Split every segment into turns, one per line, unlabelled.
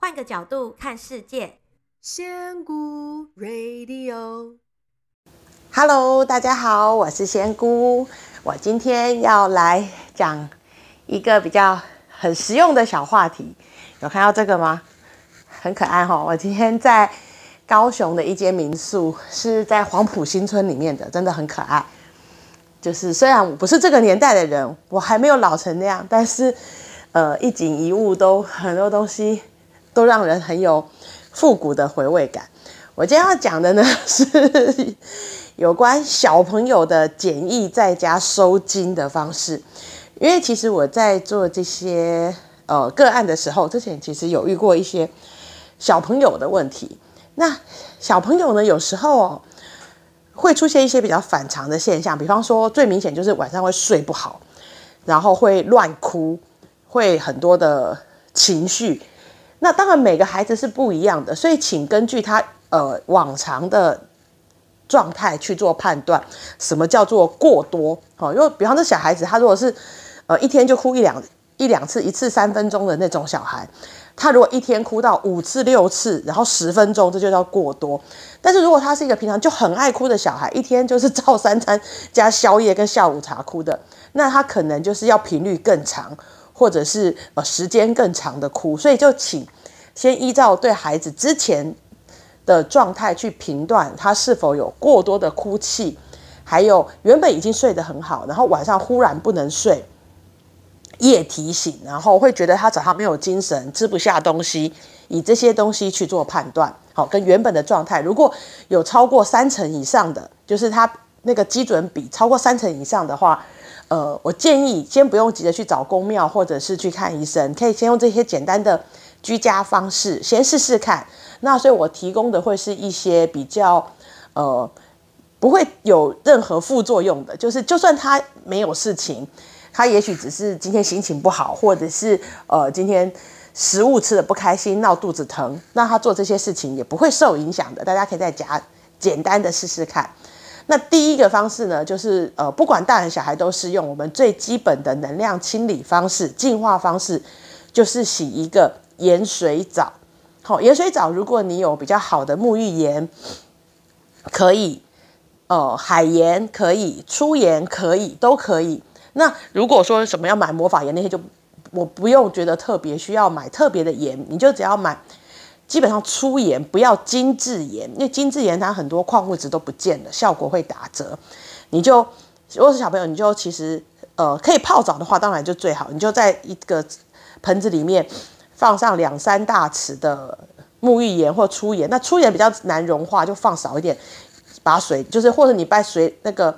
換個角度看世界，仙姑 Radio，Hello，大家好，我是仙姑，我今天要來講一個比較很實用的小話題。有看到這個嗎？很可愛哈、喔！我今天在高雄的一間民宿，是在黃埔新村裡面的，真的很可愛。就是雖然我不是這個年代的人，我還沒有老成那樣，但是呃，一景一物都很多東西。都讓人很有復古的回味感。我今天要講的呢，是有關小朋友的簡易在家收驚的方式，因為其實我在做這些呃個案的時候，之前其實有遇過一些小朋友的問題。那小朋友呢，有時候會出現一些比較反常的現象，比方說最明顯就是晚上會睡不好，然後會亂哭，會很多的情緒。那當然，每個孩子是不一樣的，所以請根據他呃往常的狀態去做判斷。什麼叫做過多？好，因為比方說小孩子，他如果是呃一天就哭一兩一兩次，一次三分鐘的那種小孩，他如果一天哭到五次六次，然後十分鐘，這就叫過多。但是如果他是一個平常就很愛哭的小孩，一天就是照三餐加宵夜跟下午茶哭的，那他可能就是要頻率更長，或者是呃時間更長的哭，所以就請先依照對孩子之前的狀態去評斷他是否有過多的哭泣，還有原本已經睡得很好，然後晚上忽然不能睡，夜啼醒，然後會覺得他早上沒有精神，吃不下東西，以這些東西去做判斷，好，跟原本的狀態，如果有超過三成以上的，就是他那個基準比超過三成以上的話。呃，我建議先不用急着去找宮廟或者是去看醫生，可以先用這些簡單的居家方式先試試看。那所以我提供的會是一些比較呃不會有任何副作用的，就是就算他沒有事情，他也許只是今天心情不好，或者是呃今天食物吃得不開心鬧肚子疼，那他做這些事情也不會受影響的。大家可以在家簡單的試試看。那第一個方式呢，就是呃，不管大人小孩都適用，我們最基本的能量清理方式、淨化方式，就是洗一個鹽水澡。好，哦，鹽水澡，如果你有比較好的沐浴鹽，可以，呃，海鹽可以，粗鹽可以，都可以。那如果說什麼要買魔法鹽那些，就我不用覺得特別需要買特別的鹽，你就只要買。基本上粗鹽，不要精製鹽。因為精製鹽它很多礦物質都不見了，效果會打折。你就如果是小朋友，你就其實呃可以泡澡的話，當然就最好。你就在一個盆子裡面放上兩三大匙的沐浴鹽或粗鹽，那粗鹽比較難融化，就放少一點。把水就是或者你把水那個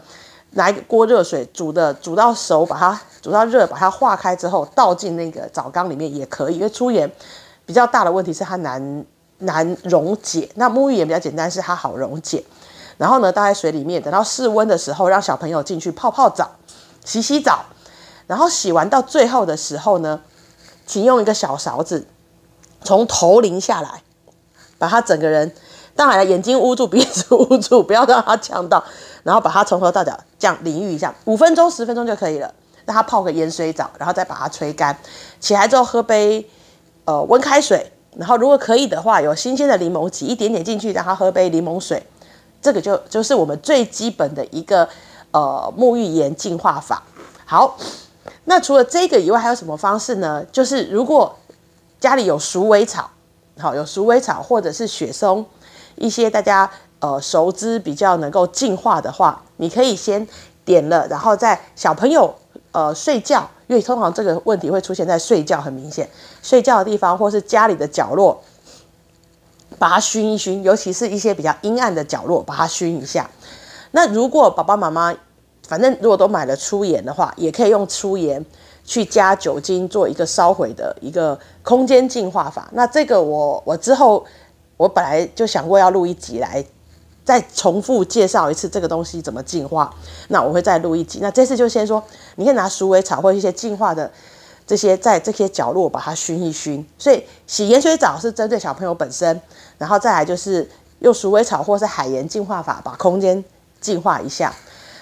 拿一個鍋熱水煮的煮到熟，把它煮到熱，把它化開之後倒進那個澡缸裡面也可以，因為粗鹽。比較大的問題是它難難溶解，那沐浴鹽比較簡單，是它好溶解。然後呢，倒在水裡面，等到室溫的時候，讓小朋友進去泡泡澡、洗洗澡。然後洗完到最後的時候呢，請用一個小勺子從頭淋下來，把他整個人，當然眼睛捂住、鼻子捂住，不要讓他嗆到。然後把他從頭到腳這樣淋浴一下，五分鐘、十分鐘就可以了。讓他泡個鹽水澡，然後再把它吹乾。起來之後喝杯。呃，溫開水，然後如果可以的話，有新鮮的檸檬擠一點點進去，讓他喝杯檸檬水，這個就就是我們最基本的一個呃沐浴鹽淨化法。好，那除了這個以外，還有什麼方式呢？就是如果家裡有鼠尾草，好，有鼠尾草或者是雪松，一些大家呃熟知比較能夠淨化的話，你可以先點了，然後在小朋友呃睡覺。因為通常這個問題會出現在睡覺，很明顯，睡覺的地方或是家裡的角落，把它熏一熏，尤其是一些比較陰暗的角落，把它熏一下。那如果爸爸媽媽，反正如果都買了粗鹽的話，也可以用粗鹽去加酒精做一個燒毀的一個空間淨化法。那這個我我之後我本來就想過要錄一集來。再重複介紹一次這個東西怎麼淨化，那我會再錄一集。那這次就先說，你可以拿鼠尾草或一些淨化的這些，在這些角落把它熏一熏。所以洗鹽水澡是針對小朋友本身，然後再來就是用鼠尾草或是海鹽淨化法把空間淨化一下。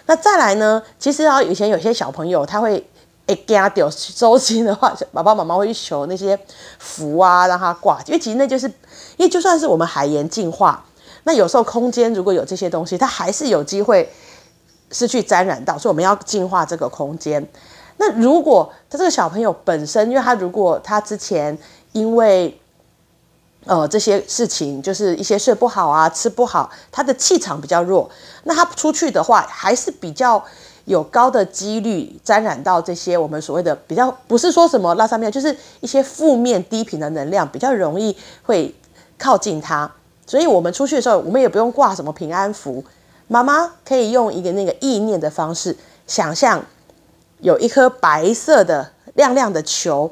那再來呢，其實啊，以前有些小朋友他會哎，給他丟收驚的話，爸爸媽媽會去求那些符啊，讓他掛。因為其實那就是，因為就算是我們海鹽淨化。那有時候空間如果有這些東西，他還是有機會失去沾染到，所以我們要淨化這個空間。那如果他這個小朋友本身，因為他如果他之前因為呃這些事情，就是一些睡不好啊、吃不好，他的氣場比較弱，那他出去的話，還是比較有高的幾率沾染到這些我們所謂的比較不是說什麼拉上面，就是一些負面低頻的能量，比較容易會靠近他。所以我們出去的時候，我們也不用掛什麼平安符。媽媽可以用一個那個意念的方式，想象有一顆白色的亮亮的球，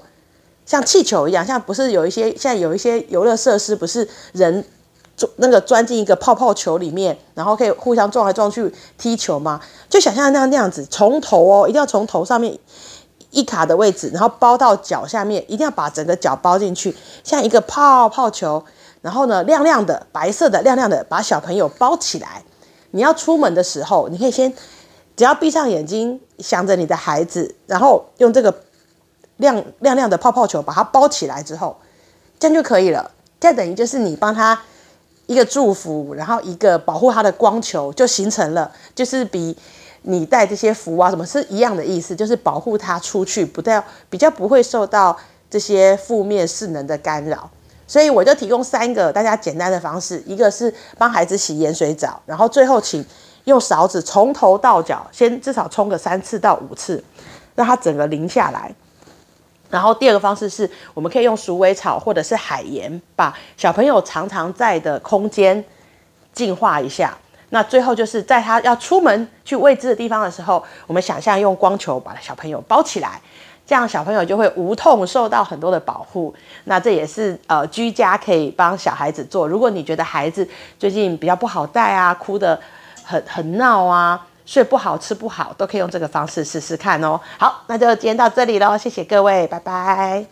像氣球一樣。像不是有一些現在有一些遊樂設施，不是人鑽那個鑽進一個泡泡球裡面，然後可以互相撞來撞去踢球嗎？就想象那樣那樣子，從頭哦，一定要從頭上面一卡的位置，然後包到腳下面，一定要把整個腳包進去，像一個泡泡球。然後呢，亮亮的白色的亮亮的，把小朋友包起來。你要出門的時候，你可以先只要閉上眼睛，想着你的孩子，然後用這個亮亮亮的泡泡球把它包起來之後，這樣就可以了。這樣等於就是你幫他一個祝福，然後一個保護他的光球就形成了，就是比你戴這些符啊什麼是一樣的意思，就是保護他出去，不帶，比較不會受到這些負面勢能的干擾。所以我就提供三個大家簡單的方式，一個是幫孩子洗鹽水澡，然後最後請用勺子從頭到腳先至少沖個三次到五次，讓他整個淋下來。然後第二個方式是，我們可以用鼠尾草或者是海鹽，把小朋友常常在的空間淨化一下。那最後就是在他要出門去未知的地方的時候，我們想象用光球把小朋友包起來。這樣小朋友就會無痛受到很多的保護，那這也是呃居家可以幫小孩子做。如果你覺得孩子最近比較不好帶啊，哭得很很鬧啊，睡不好，吃不好，都可以用這個方式試試看哦、喔。好，那就今天到這裡嘍，謝謝各位，拜拜。